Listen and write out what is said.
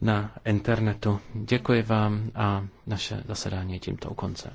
na internetu. Děkuji vám a naše zasedání je tímto u konce.